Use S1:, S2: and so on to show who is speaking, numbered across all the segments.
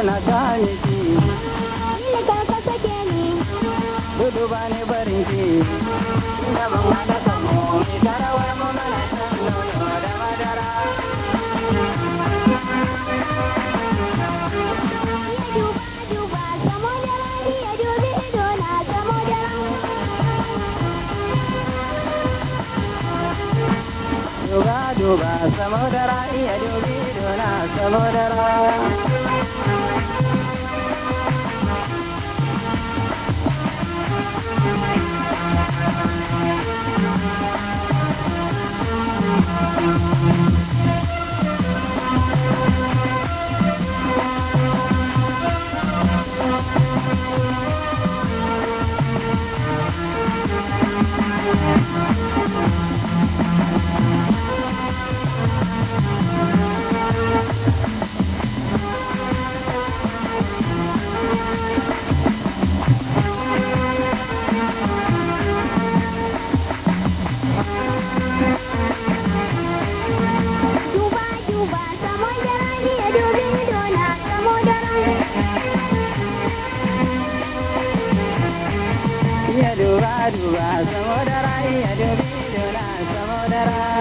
S1: suna gane ki ni ka ka sake ni gudu ba ne
S2: barin ki da ban hada kamo tarawar mu mana san nono da madara
S1: Duba duba samudara iya that I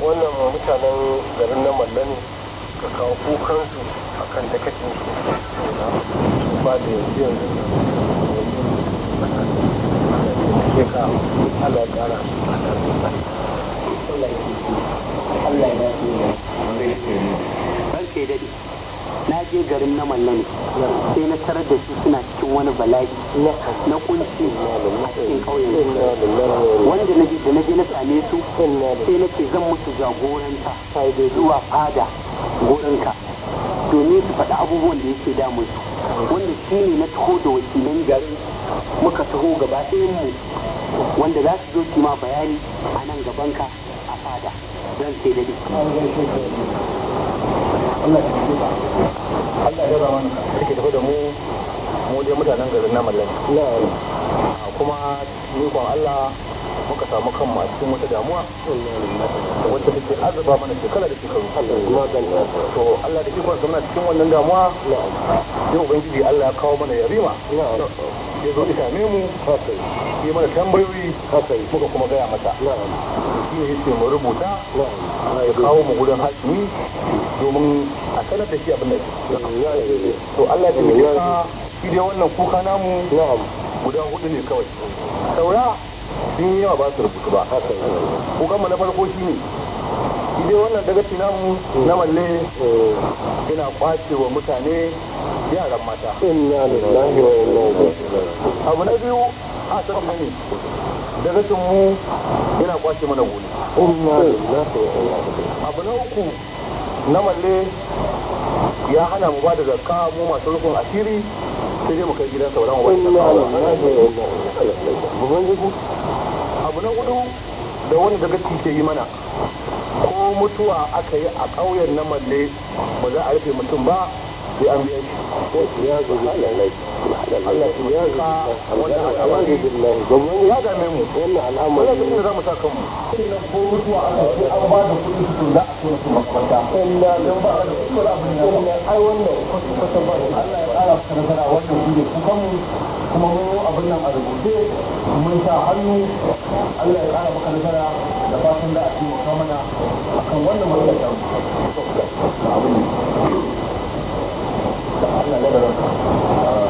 S2: wannan mutanen garin na mallani ka kawo kukansu a kan da kake su su ba da yanzu yanzu ka ala kara Allah ya Allah
S1: ya ne. na je garin na mallani sai na tarar da shi suna cikin wani bala'i na kunci a cikin ƙauyen wanda na da na je na same su sai na ce zan musu jagoranta zuwa fada gorinka domin su faɗi abubuwan da yake damun su wanda shi ne na taho da wakilan garin muka taho gaba mu wanda za su zo su ma bayani a nan gabanka a fada don sai da
S2: Allah ya rama mana take tafi da mu mu dai mutanen garin na mallaka ah, kuma nikon Allah muka samu kan a cikin wata damuwa wacce take azaba mana shekara da shekaru to Allah da ikon muna cikin wannan damuwa yau ubangiji Allah ya kawo mana yarima ya zo ita mu yi mana tambayoyi muka kuma gaya mata shi ne yake mu rubuta ya kawo mu gudan hakimi domin sanar da shi abin da ke to Allah da ya ka shi dai wannan kuka namu guda hudu ne kawai saura sun yi yawa ba su rubutu ba kukanmu na farko shi ne shi dai wannan dagaci namu na malle yana kwace wa mutane yaran mata abu na biyu a sarfa ne dagacin mu yana kwace mana gona abu na uku na malle ya hana mu ba da zakka mu masu rufin asiri sai dai mu kai gidan sauran wa abu na hudu da wani daga ke yi mana ko mutuwa aka yi a ƙauyen na malle ba za a rufe mutum ba sai an biya shi dan Allah ku ya ga wannan al'amari billahi gwamnati ƙara maka nasara da fatan da akan wannan matsalar da abin Allah ya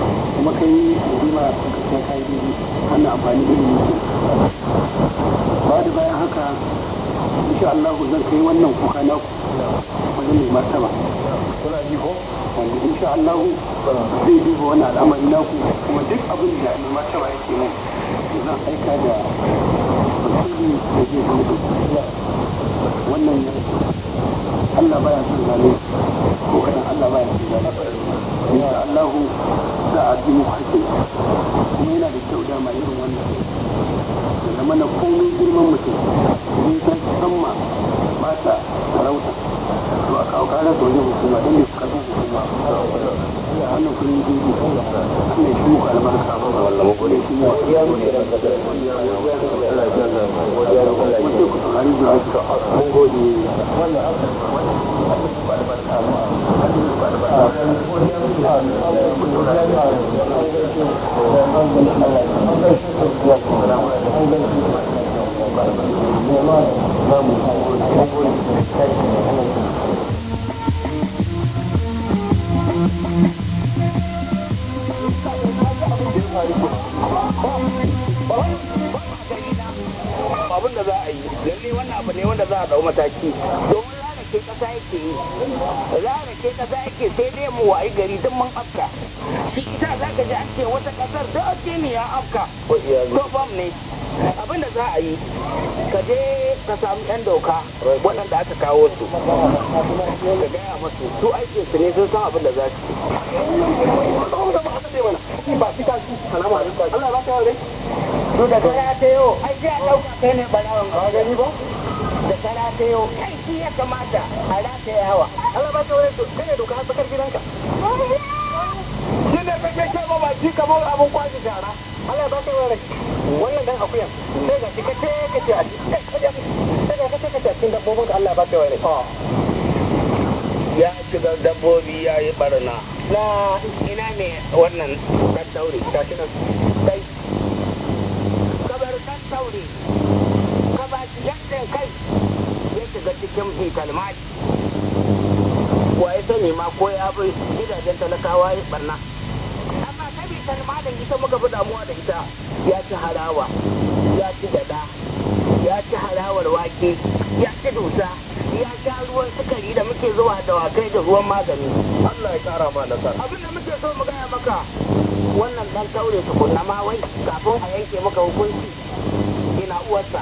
S2: kuma kai rigima ka kai wannan amfani da ilimi ba da bayan haka insha Allah zan kai wannan kuka na wajen mai martaba kuna ji ko wanda insha Allah zai duba wannan al'amari na ku kuma duk abin da mai martaba yake mun zan aika da rasuli da zai zama wannan ya Allah baya son zalunci ko kadan Allah baya son zalunci insha Allah sa addinin kuma yana da kyau dama irin wannan da zama na komai girman mutum zai san samma mata sarauta to a kawo karar da wajen hukuma don da suka san hukuma a hannun kudin jirgi hannun shi muku albarka ba shi yaro ne da kasar wani yaro ne da wani yaro da wani yaro wani yaro da wani yaro wani yaro da wani yaro wani yaro da wani yaro wani da wani yaro wani da wani yaro wani da wani yaro wani da wani yaro wani da wani yaro wani da wani yaro wani da wani yaro wani da wani yaro wani da wani yaro da abin
S1: da za a yi lalle wannan abu ne wanda za a dau mataki domin rarake kasa yake yi rarake sai dai mu wayi gari duk mun afka shi ita za ka ji an ce wata kasar da ake ni ya afka to fam ne abinda za a yi ka je ka samu yan doka waɗanda aka kawo su ka gaya masu su aikin su ne sun san abin da za su Allah ba yau dai? Duk da ta yau, ai kai ne ba? da tara ta yau kai shi ya kamata a rataya hawa Allah ba ta wani to kai doka har tsakar gidanka shi ne kake ce ma baki kamar abin kwaji shara Allah ba ta wani wannan dan akuyan sai ga shi kace kace a sai ga kace kace cikin dabbobin ka Allah ba ta wani oh. ya ci shiga dabbobi ya yi barna na ina ne wannan kan daure ta shi nan kai kabar kan daure yancin kai ya shiga cikin bitalmati wa ya sani ma ko ya bi gidajen talakawa ya barna amma ta bitalmalin ita muka fi damuwa da ita ya ci harawa ya ci gada ya ci harawar wake ya ci dusa ya sha ruwan sukari da muke zuwa da wakai da ruwan
S2: magani Allah ya kara ma nasara
S1: abin da muke so mu gaya maka wannan dan taure tukunna ma wai kafin a yanke maka hukunci ina uwarsa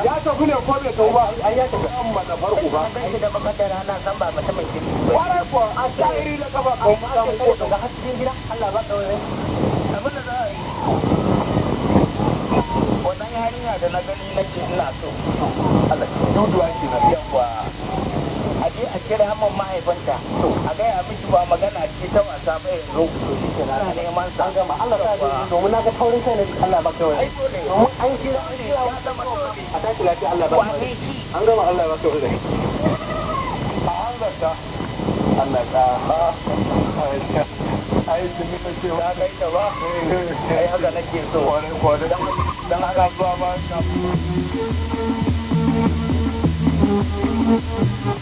S1: ya tafi ne ko bai tafi ba ya tafi an mana farko ba kai da makadara na san ba mai wala ko a tsayiri da ko ko hasken gida Allah ba wani abin da za a yi wannan yarinya da na gani nake ina so Allah duduwa ke na je a kira min to a gaya miki ba magana ce ta wasa ba yanzu
S2: ana neman sa gama Allah domin na ga taurin kai ne Allah ba domin an kira ya zama a tashi lafiya Allah ba an gama Allah ba ta ai
S1: Thank you.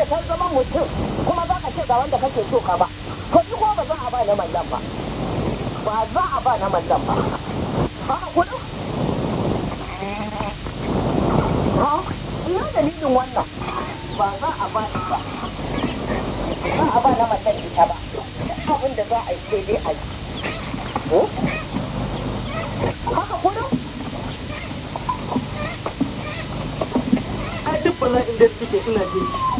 S1: da ta zama mutum kuma za ka ce ga wanda kake so ka ba to ni ko ba za a ba na mallan ba ba za a ba na mallan ba ba a kudu ha ina dalilin wannan ba za a ba ni ba ba a ba na mallan ita ba abin da za a yi sai dai a yi haka kudu a duk bala'in da suke ina jin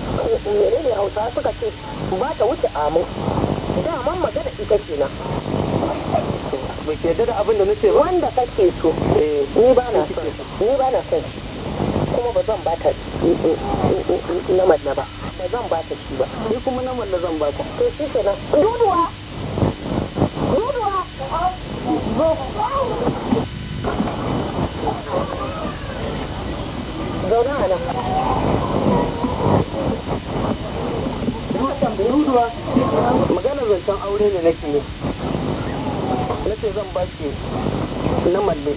S1: menene hausa suka ce ba ta wuce amu daman magana ita kenan bai yarda da abin da nace ba wanda kake so ni ba na son ni ba na son kuma ba zan ba ta na ba ba zan ba ta shi ba ni kuma na zan ba ta to shi na. duduwa duduwa
S2: zauna a nan
S1: nuduwa maganar zancen aure ne nake yi nake zan baki na malle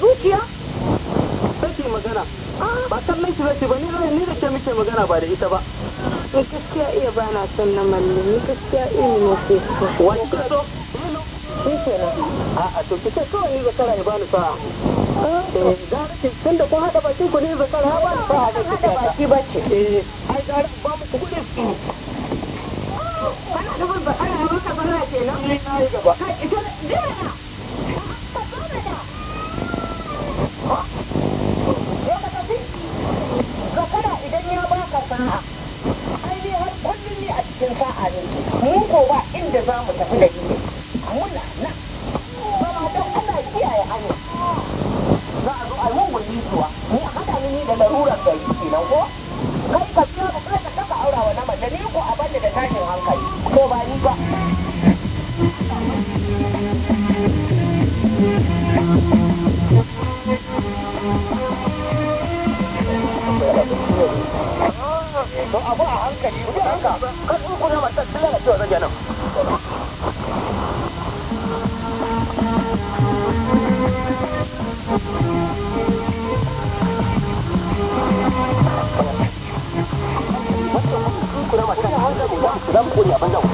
S1: zuciya? Sai magana. Ba kallon ki zai ba ni ni da ke muke magana ba da ita ba. Ni gaskiya iya ba na son na malli ni gaskiya iya ne mafi so. Wani kaso? Ni kenan. A'a to ki kawai ni zakara ya bani sa'a. tun da kun haɗa bakin ku ne zakar ha ba ba haɗa baki ba ce ai gara ba mu kuɗi kana nufin ba kana nufin ka fara kenan ne na yi gaba kai ita da zakara idan ya baka sa'a ai ne ne a cikin sa'a ne mu ko ba inda za mu tafi da haka ka tsukuna matar tun yana cewa zage nan a kuri abin nan.